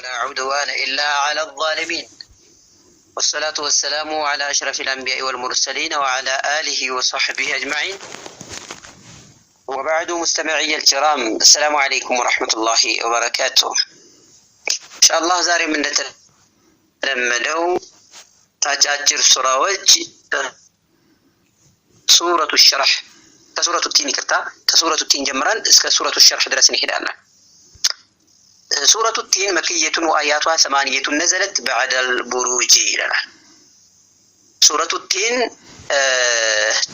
ولا عدوان إلا على الظالمين والصلاة والسلام على أشرف الأنبياء والمرسلين وعلى آله وصحبه أجمعين وبعد مستمعي الكرام السلام عليكم ورحمة الله وبركاته إن شاء الله زاري من نتلمدو تاجاجر سراوج سورة الشرح كسورة التين كرتا كسورة التين جمران سورة الشرح درسني نحيدانا ሱረቱ ቲን መክየቱን ወአያቷ ሰማንየቱን ነዘለት በአደል ቡሩጂ ይለናል። ሱረቱ ቲን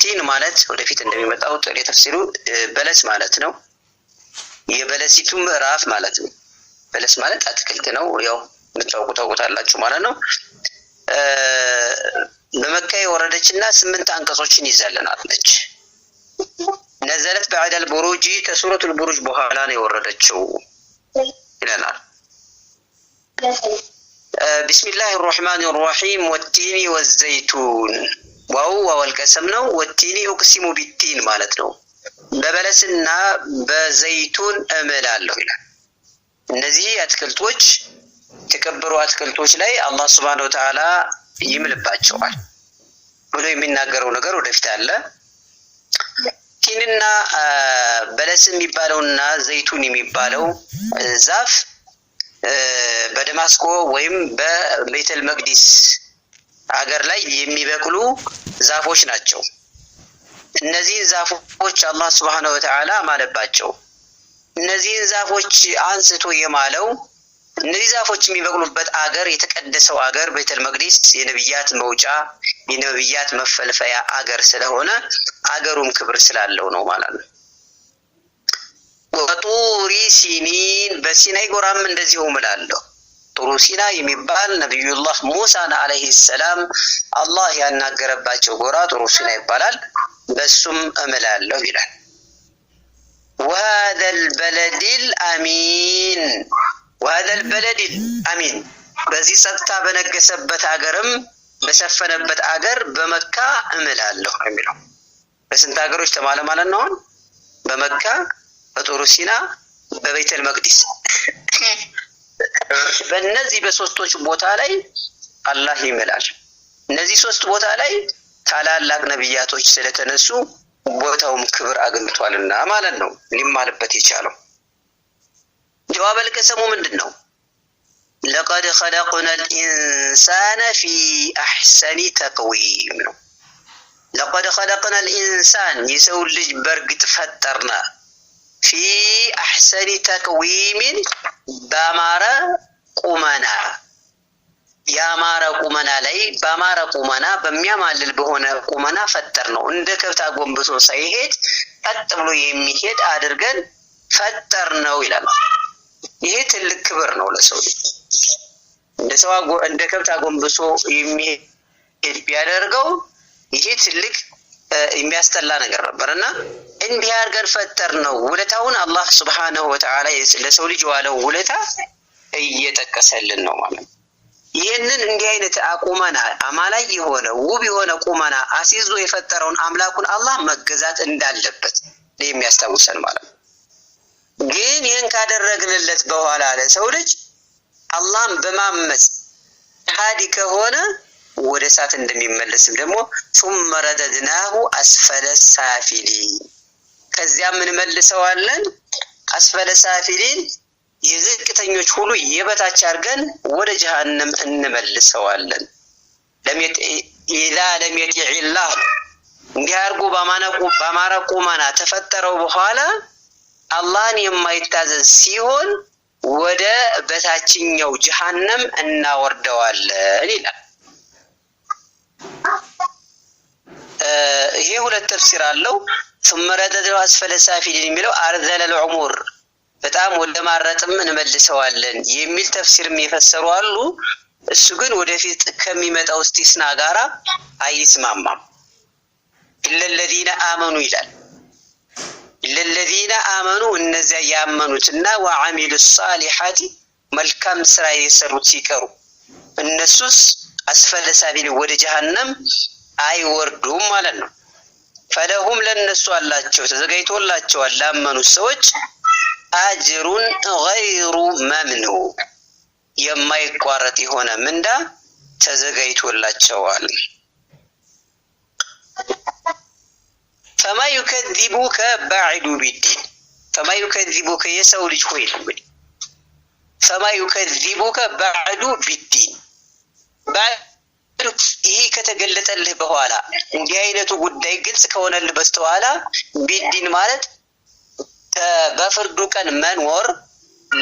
ቲን ማለት ወደፊት እንደሚመጣው ጥሬ ተፍሲሩ በለስ ማለት ነው። የበለሲቱ ምዕራፍ ማለት ነው። በለስ ማለት አትክልት ነው። ያው የምታውቁ ታውቁታላችሁ ማለት ነው። በመካ የወረደች እና ስምንት አንቀጾችን ይዛለናለች። ነዘለት በዐደል ቡሩጅ ከሱረቱ ቡሩጅ በኋላ ነው የወረደችው። ይለናል። ቢስሚላህ ራሕማን ራሒም ወቲኒ ወዘይቱን ዋው ዋወልቀሰም ነው። ወቲኒ ኡቅሲሙ ቢቲን ማለት ነው። በበለስና በዘይቱን እምላለሁ ይላል። እነዚህ አትክልቶች የተከበሩ አትክልቶች ላይ አላህ ስብሃነ ወተዓላ ይምልባቸዋል ብሎ የሚናገረው ነገር ወደፊት አለ። ቲንና በለስ የሚባለውና ዘይቱን የሚባለው ዛፍ በደማስቆ ወይም በቤተል መቅዲስ አገር ላይ የሚበቅሉ ዛፎች ናቸው። እነዚህን ዛፎች አላህ ስብሐነሁ ወተዓላ ማለባቸው። እነዚህን ዛፎች አንስቶ የማለው እነዚህ ዛፎች የሚበቅሉበት አገር የተቀደሰው አገር ቤተል መቅዲስ የነቢያት መውጫ የነብያት መፈልፈያ አገር ስለሆነ አገሩም ክብር ስላለው ነው ማለት ነው። ወጡሪ ሲኒን በሲናይ ጎራም እንደዚሁ እምላለሁ። ጥሩ ሲና የሚባል ነቢዩላህ ሙሳን አለይሂ ሰላም አላህ ያናገረባቸው ጎራ ጥሩ ሲና ይባላል። በሱም እምላለሁ ይላል። ወሃደል በለዲል አሚን ወሃደል በለዲል አሚን በዚህ ጸጥታ በነገሰበት አገርም በሰፈነበት አገር በመካ እምላለሁ የሚለው በስንት ሀገሮች ተማለ ማለት ነው? አሁን በመካ በጦሩ ሲና በቤተል መቅዲስ በእነዚህ በሶስቶች ቦታ ላይ አላህ ይምላል። እነዚህ ሶስት ቦታ ላይ ታላላቅ ነቢያቶች ስለተነሱ ቦታውም ክብር አግኝቷልና ማለት ነው ሊማልበት የቻለው ጀዋበል ቀሰሙ ምንድን ነው? ለቀድ ኸለቅነል ኢንሳነ ፊ አሕሰኒ ተቅዊም ነው። ለቀድ ኸለቅነል ኢንሳን የሰው ልጅ በእርግጥ ፈጠርነ ፊ አሕሰኒ ተቅዊሚን በአማረ ቁመና የአማረ ቁመና ላይ በአማረ ቁመና በሚያማልል በሆነ ቁመና ፈጠር ነው። እንደ ከብት አጎንብሶ ሳይሄድ ቀጥ ብሎ የሚሄድ አድርገን ፈጠር ነው ይላል። ይሄ ትልቅ ክብር ነው ለሰው ልጅ። እንደ ሰው እንደ ከብት አጎንብሶ የሚሄድ ቢያደርገው ይሄ ትልቅ የሚያስጠላ ነገር ነበር እና እንዲህ አድርገን ፈጠር ነው። ውለታውን አላህ ስብሓነሁ ወተዓላ ለሰው ልጅ ዋለው ውለታ እየጠቀሰልን ነው ማለት ነው። ይህንን እንዲህ አይነት አቁመና አማላይ የሆነ ውብ የሆነ ቁመና አስይዞ የፈጠረውን አምላኩን አላህ መገዛት እንዳለበት የሚያስታውሰን ማለት ነው። ግን ይህን ካደረግንለት በኋላ ለሰው ልጅ አላህን በማመፅ ሃዲ ከሆነ ወደ እሳት እንደሚመለስም ደግሞ ሱመ ረደድናሁ አስፈለ ሳፊሊን ከዚያም እንመልሰዋለን አስፈለ ሳፊሊን የዝቅተኞች ሁሉ የበታች አድርገን ወደ ጀሃንም እንመልሰዋለን። ኢላ ለም የጢዕላህ እንዲህ አድርጎ በአማረ ቁመና ተፈጠረው በኋላ አላህን የማይታዘዝ ሲሆን ወደ በታችኛው ጀሃነም እናወርደዋለን ይላል። ይሄ ሁለት ተፍሲር አለው። ثم رددنا اسفل سافلين የሚለው አርዘለ ልዑሙር በጣም ወደ ማረጥም እንመልሰዋለን የሚል ተፍሲርም የፈሰሩ አሉ። እሱ ግን ወደፊት ከሚመጣው እስቲስና ጋራ አይስማማም። ኢለለዚነ አመኑ ይላል ለለዚነ አመኑ እነዚያ ያመኑት እና ወአሚሉ ሳሊሓቲ መልካም ስራ የሰሩት ሲቀሩ እነሱስ አስፈለሳቢል ወደ ጀሃነም አይወርዱም ማለት ነው። ፈለሁም ለነሱ አላቸው ተዘጋጅቶላቸዋል ላመኑት ሰዎች አጅሩን ገይሩ መምኑ የማይቋረጥ የሆነ ምንዳ ተዘጋጅቶላቸዋል። ዩከዚቡከ ባዕዱ ቢዲን ፈማ ዩከዚቡከ የሰው ልጅ ሆይ ነው እንግዲህ ፈማ ዩከዚቡከ ባዕዱ ቢዲን ይህ ከተገለጠልህ በኋላ እንዲህ አይነቱ ጉዳይ ግልጽ ከሆነልህ በስተኋላ ቢዲን ማለት በፍርዱ ቀን መኖር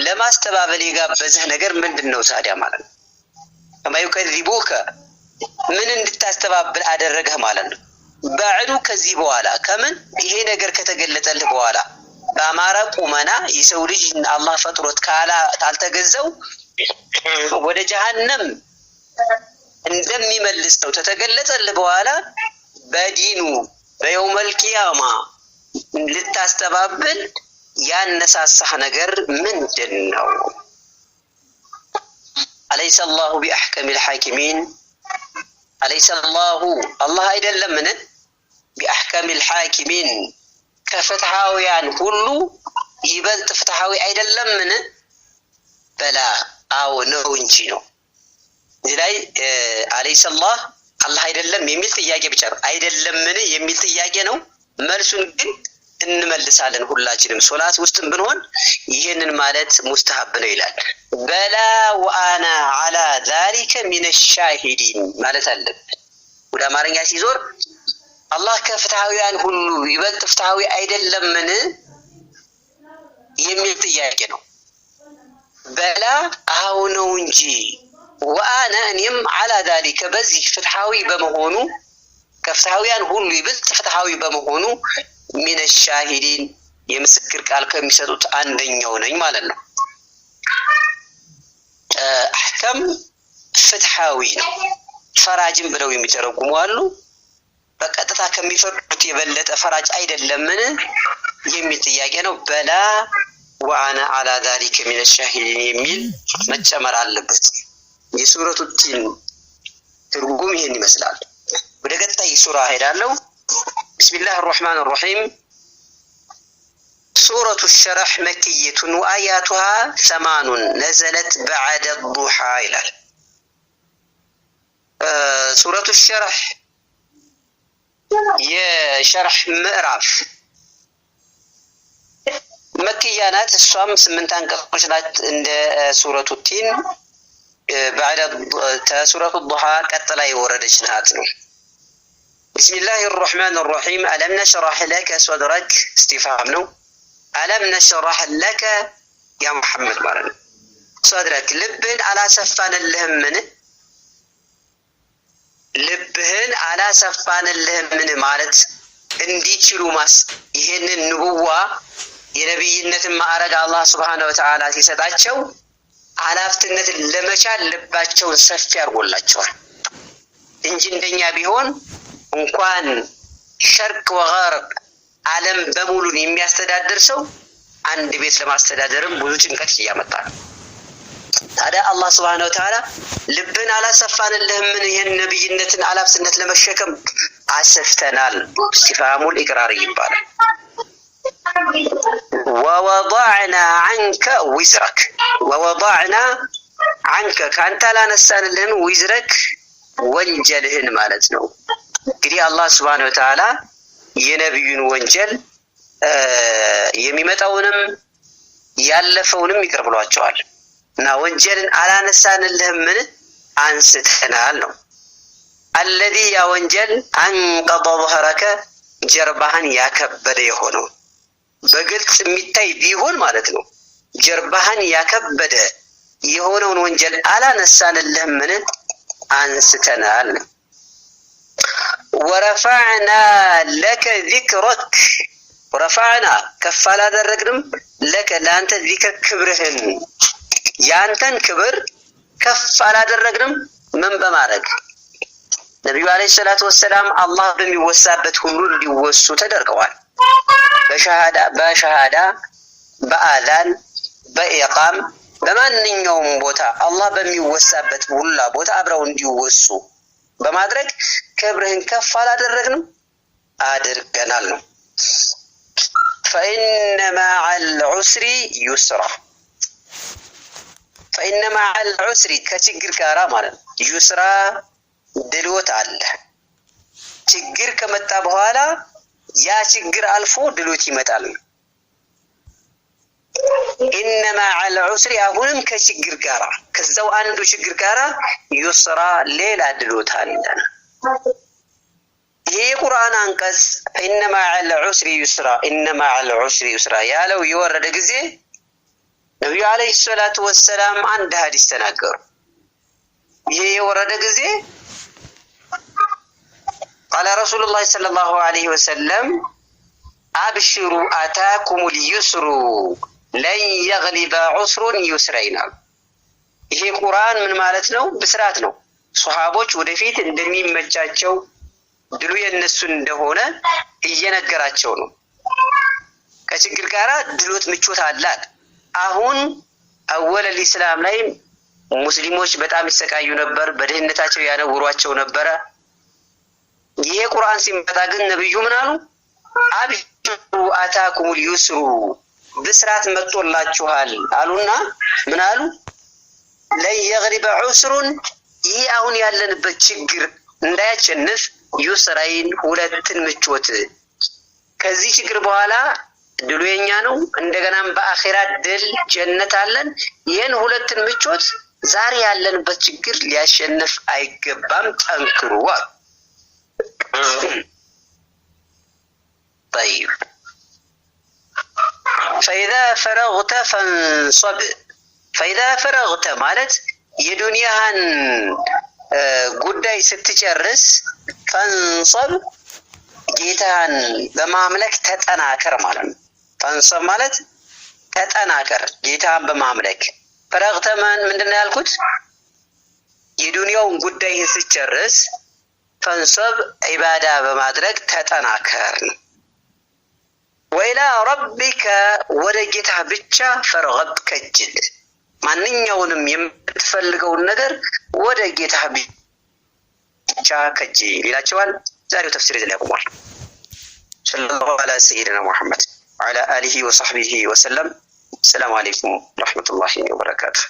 ለማስተባበል የጋበዘህ ነገር ምንድን ነው ሳዲያ ማለት ነው። ከማዩ ምን እንድታስተባብል አደረገህ ማለት ነው። ባዕዱ ከዚህ በኋላ ከምን ይሄ ነገር ከተገለጠልህ በኋላ በአማረ ቁመና የሰው ልጅ አላህ ፈጥሮት ካላ ታልተገዛው ወደ ጀሀነም እንደሚመልስ ነው ተተገለጠልህ በኋላ በዲኑ በየውመል ቂያማ ልታስተባብል ያነሳሳህ ነገር ምንድን ነው? አለይሰ አላሁ ቢአሕከሚል ሐኪሚን አለይሰ አላሁ አላህ አይደለምን? ቢአሕከሚል ሓኪሚን ከፍትሃውያን ሁሉ ይበልጥ ፍትሃዊ አይደለምን? በላ አዎ ነው እንጂ ነው። እዚህ ላይ አለይሰላህ አላህ አይደለም የሚል ጥያቄ ብቻ ነው። አይደለምን የሚል ጥያቄ ነው። መልሱን ግን እንመልሳለን ሁላችንም። ሶላት ውስጥም ብንሆን ይህንን ማለት ሙስተሀብ ነው ይላል። በላ ወአና አላ ዛሊከ ሚነ ሻሂዲን ማለት አለብን። ወደ አማርኛ ሲዞር አላህ ከፍትሐውያን ሁሉ ይበልጥ ፍትሐዊ አይደለምን የሚል ጥያቄ ነው። በላ አሁ ነው እንጂ ወአነ እኔም አላ ዛሊከ በዚህ ፍትሐዊ በመሆኑ ከፍትሐውያን ሁሉ ይበልጥ ፍትሐዊ በመሆኑ ሚነ ሻሂዲን የምስክር ቃል ከሚሰጡት አንደኛው ነኝ ማለት ነው። አህከም ፍትሐዊ ነው። ፈራጅም ብለው የሚተረጉሙ አሉ። በቀጥታ ከሚፈቅዱት የበለጠ ፈራጭ አይደለምን የሚል ጥያቄ ነው። በላ ወአነ አላ ዛሊከ ሚነ ሻሂዲን የሚል መጨመር አለበት። የሱረቱ ቲን ትርጉም ይህን ይመስላል። ወደ ቀጣይ ሱራ ሄዳለሁ። ቢስሚላህ ራሕማን ራሒም ሱረቱ ሸረሕ መክይቱን ወአያቱሃ ሰማኑን ነዘለት በዐደ ዱሓ ይላል ሱረቱ ሸረሕ يا شرح መክያ مكيانات እሷም ስምንት አንቀጾች عند آه، سورة التين آه، بعد سورة الضحى ዱሃ ቀጥላ የወረደች بسم الله الرحمن الرحيم ألم نشرح لك صدرك استفهام ألم نشرح لك يا محمد مرن صدرك لبن على سفان اللهم منه ልብህን አላሰፋንልህምን ማለት እንዲችሉ ማስ ይሄንን ንቡዋ የነቢይነትን ማዕረግ አላህ ስብሓነ ወተዓላ ሲሰጣቸው አላፍትነትን ለመቻል ልባቸውን ሰፊ አድርጎላቸዋል እንጂ እንደኛ ቢሆን እንኳን ሸርቅ ወገርብ ዓለም በሙሉን የሚያስተዳድር ሰው አንድ ቤት ለማስተዳደርም ብዙ ጭንቀት እያመጣ ነው። ታዲያ አላህ ስብሐነሁ ወተዓላ ልብን አላሰፋንልህምን? ይህን ነቢይነትን አላብስነት ለመሸከም አሰፍተናል። እስቲፋሙል ኢቅራር ይባላል። ወወضዕና አንከ ዊዝረክ ወወضዕና አንከ ከአንተ አላነሳንልህም ዊዝረክ ወንጀልህን ማለት ነው። እንግዲህ አላህ ስብሐነሁ ወተዓላ የነቢዩን ወንጀል የሚመጣውንም ያለፈውንም ይቅር ብሏቸዋል። እና ወንጀልን ምን አንስተናል ነው አለዚ ያ ወንጀል አንቀጠ ظهረከ ጀርባህን ያከበደ የሆነው በግልጽ የሚታይ ቢሆን ማለት ነው። ጀርባህን ያከበደ የሆነውን ወንጀል ምን አንስተናል ነው ወረፋዕና ለከ ዚክረክ ወረፋዕና ከፍ አላደረግንም ለከ ለአንተ ዚክር ክብርህን ያንተን ክብር ከፍ አላደረግንም ምን በማድረግ ነቢዩ አለይሂ ሰላቱ ወሰላም አላህ በሚወሳበት ሁሉ እንዲወሱ ተደርገዋል። በሸሃዳ በሸሃዳ በአዛን በኢቃም በማንኛውም ቦታ አላህ በሚወሳበት ሁላ ቦታ አብረው እንዲወሱ በማድረግ ክብርህን ከፍ አላደረግንም አድርገናል ነው። ፈኢነ መዐል ዑስሪ ዩስራ ፈኢነማ አል ዑስሪ ከችግር ጋራ ማለት ነው ዩስራ ድሎት አለ። ችግር ከመጣ በኋላ ያ ችግር አልፎ ድሎት ይመጣል። ኢነማ አል ዑስሪ አሁንም ከችግር ጋራ ከዛው አንዱ ችግር ጋራ ዩስራ ሌላ ድሎት አለ። ይሄ የቁርአን አንቀጽ ኢነማ አል ዑስሪ ዩስራ ኢነማ አል ዑስሪ ዩስራ ያለው የወረደ ጊዜ ነቢዩ አለህ ሰላቱ ወሰላም አንድ ሀዲስ ተናገሩ። ይሄ የወረደ ጊዜ ቃለ ረሱሉላህ ሰለላሁ አለይሂ ወሰለም አብሽሩ አታኩሙል ዩስሩ ለን የግሊበ ዑስሩን ዩስራ ይላሉ። ይሄ ቁርአን ምን ማለት ነው? ብስራት ነው። ሶሃቦች ወደፊት እንደሚመቻቸው ድሉ የእነሱ እንደሆነ እየነገራቸው ነው። ከችግር ጋር ድሎት ምቾት አላት። አሁን አወለል ኢስላም ላይ ሙስሊሞች በጣም ይሰቃዩ ነበር፣ በድህነታቸው ያነውሯቸው ነበረ። ይሄ ቁርአን ሲመጣ ግን ነብዩ ምን አሉ? አብሽሩ አታኩሙል ዩስሩ ብስራት መጥቶላችኋል አሉና ምን አሉ? ለን ዑስሩን ይህ አሁን ያለንበት ችግር እንዳያቸንፍ ዩስራይን ሁለትን ምቾት ከዚህ ችግር በኋላ ድሉ የኛ ነው። እንደገናም በአኼራ ድል ጀነት አለን። ይህን ሁለትን ምቾት ዛሬ ያለንበት ችግር ሊያሸንፍ አይገባም። ጠንክሩ አሉ። ጠይብ ፈኢዛ ፈረግተ ፈንሶብ። ፈኢዛ ፈረግተ ማለት የዱንያህን ጉዳይ ስትጨርስ፣ ፈንሶብ ጌታህን በማምለክ ተጠናከር ማለት ነው። ጠንሰብ ማለት ተጠናከር፣ ጌታን በማምለክ ፈረቅተመን ምንድን ነው ያልኩት? የዱንያውን ጉዳይህን ስጨርስ ፈንሰብ ዒባዳ በማድረግ ተጠናከር ነው። ወይላ ረቢከ ወደ ጌታ ብቻ ፈርገብ ከጅል ማንኛውንም የምትፈልገውን ነገር ወደ ጌታ ብቻ ከጅል ይላቸዋል። ዛሬው ተፍሲር ላይ ያቆማል። ሰለላሁ ዐላ ሰይድና ሙሐመድ وعلى آله وصحبه وسلم السلام عليكم ورحمة الله وبركاته